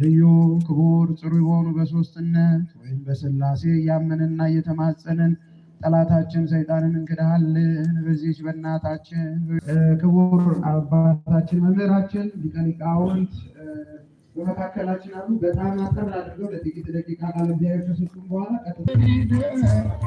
ልዩ ክቡር ጥሩ የሆኑ በሶስትነት ወይም በስላሴ እያመንና እየተማጸንን ጠላታችን ሰይጣንን እንክድሃልን። በዚች በእናታችን ክቡር አባታችን መምህራችን ሊቀ ሊቃውንት በመካከላችን አሉ። በጣም አጠር አድርገው ለጥቂት ደቂቃ ቃለ እግዚአብሔር ከሰጡን በኋላ ቀጥታ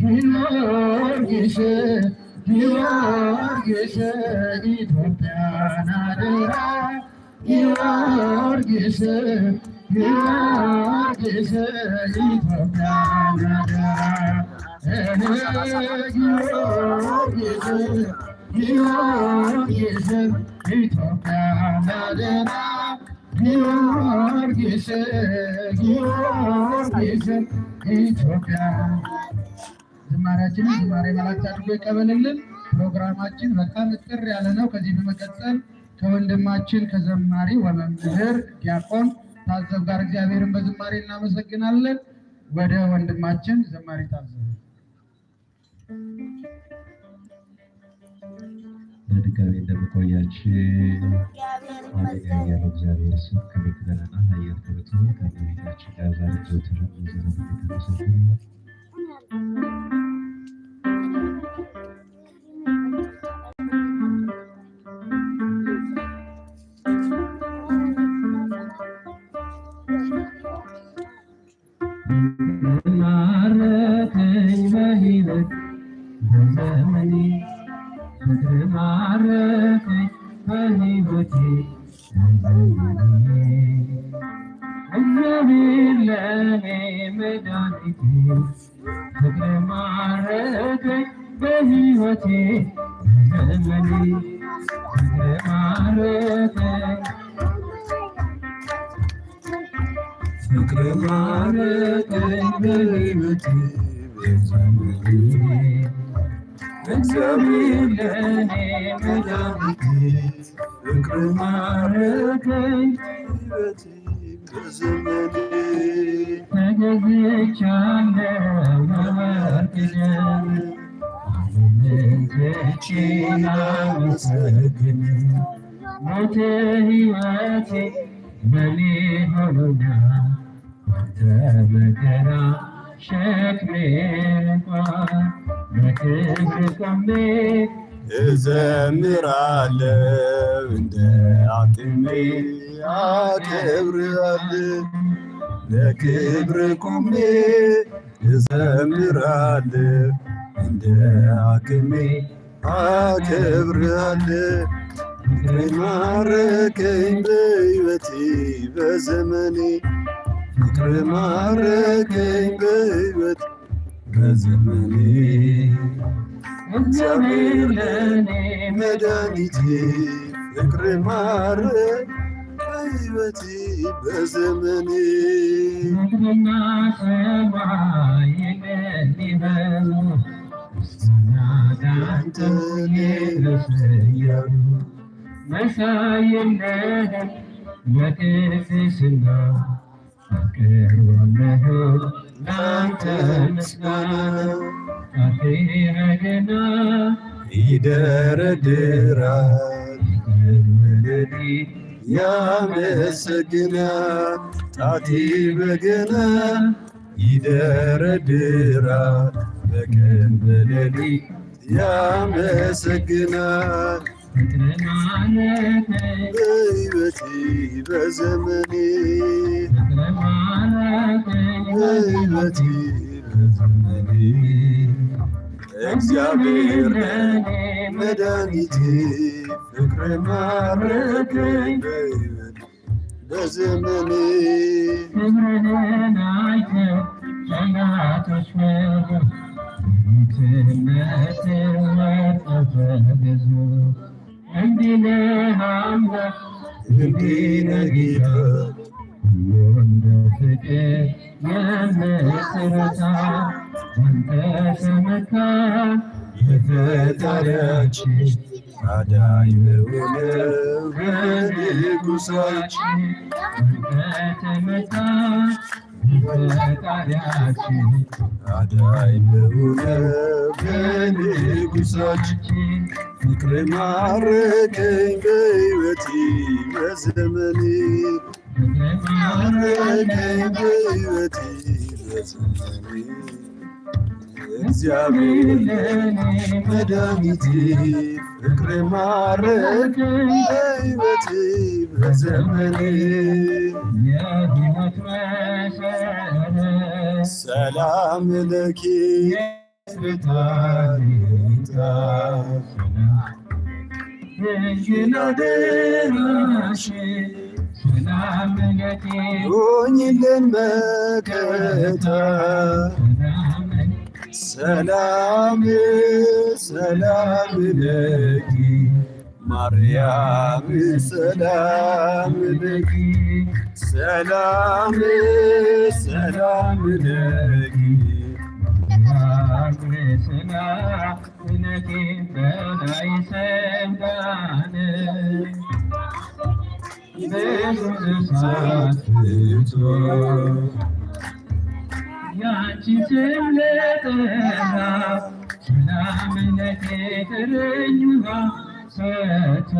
ጊዮርጊስ ጊዮርጊስ ኢትዮጵያ ናደ ጊዮርጊስ ጊዮርጊስ ኢትዮጵያ ጊዮርጊስ ኢትዮጵያ ጊዮርጊስ ጊዮርጊስ ኢትዮጵያ ዝማሬያችንን ዝማሬ መላእክት አድርጎ ይቀበልልን። ፕሮግራማችን በጣም እጥር ያለ ነው። ከዚህ በመቀጠል ከወንድማችን ከዘማሪ ወመምህር ዲያቆን ታዘብ ጋር እግዚአብሔርን በዝማሬ እናመሰግናለን። ወደ ወንድማችን ዘማሪ ታዘብ በድጋሚ እንደምቆያችን አደጋያለው እግዚአብሔር ስም ከቤት ገለና ሀያል ከቤት ከቤታችን ጋር ዛሬ ዘውትር ዘረ ዘመኔ ፍቅር ማረከኝ ከህይወቴ እግዚአብሔር ለኔ መድኃኒቴ ፍቅር ማረከኝ በህይወቴ ዘመኔ ፍቅር ማረከኝ ፍቅር ማረከኝ በህይወቴ ዘመኔ እግዚአብሔር ሕይወቴ በኔ አንተ መከራ ሸክሜንኳ በክብር ቆሜ እዘምራለሁ እንደ አቅሜ አከብራለሁ ለክብር ቆሜ እዘምራለሁ እንደ አቅሜ አከብራለሁ ማረከኝ በሕይወቴ በዘመኔ ፍቅር ማረከኝ በሕይወት በዘመኔ እግዚአብሔር ለኔ መድኃኒቴ ፍቅር ማረከኝ በሕይወቴ በዘመኔ ምድርና ሰማይ የሚበሉ ስናዳንተኔ አቅርባለሁ ላንተ ምስጋና ቃቴ በገና ይደረድራል መለዲ ጣቴ በገና ይደረድራል በቀን በሌሊት ያመሰግናል በሕይወቴ በዘመኔ እግዚአብሔር መድኃኒቴ ፍቅር ማረከኝ በዘመኔ እንዲነ ጌታ የወንድ ፍቅር የምስረታ አንተ ተመካ የፈጣሪያችን ፍቅር ማረከኝ በሕይወቴ በዘመኔ እግዚአብሔር መድኃኒቴ ፍቅር ማረክ በሕይወቴ በዘመኔ ሆኝልን መከታ ሰላም ሰላም ለኪ ማርያም ሰላም ለኪ ሰላም ሰላም ለኪ ያንቺ ስለጠራ ሰላምነት ጥርኝና ሰቶ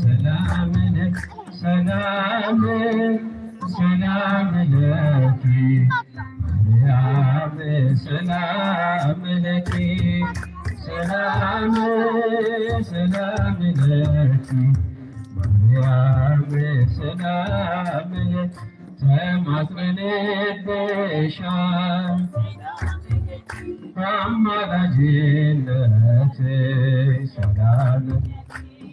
ሰላም ሰላም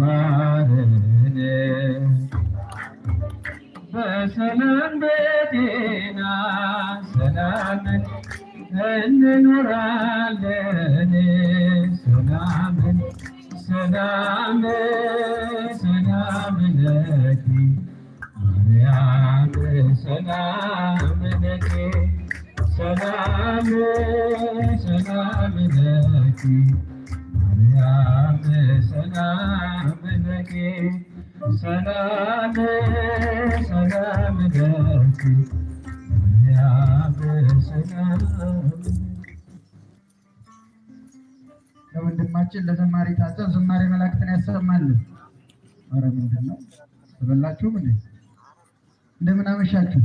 ማረን በሰላም በጤና ሰላም እንኖራለን ሰላም ሰላም ሰላም ለኪ ማርያም ሰላም ለኪ ሰላም ሰላም ለኪ ደርክ ሰላም ሰላም ደርክ ለወንድማችን ለዘማሪ ታዘብ ዝማሬ መላእክትን ያሰማል። ኧረ ምንድን ነው ተበላችሁ? ምን እንደምን አመሻችሁ?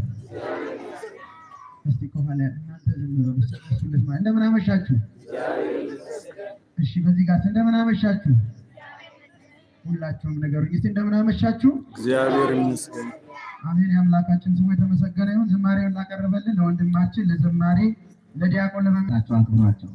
እስቲ ከኋላ እናንተ ዝም እንደምን አመሻችሁ? እሺ፣ በዚህ ጋር እንደምን አመሻችሁ? ሁላችሁም ነገሩኝ እስቲ እንደምን አመሻችሁ። እግዚአብሔር ይመስገን። አሜን። የአምላካችን ስሙ የተመሰገነ ይሁን። ዝማሬውን ላቀረበልን ለወንድማችን ለዘማሬ ለዲያቆን ለመምናቸው አክብሯቸው።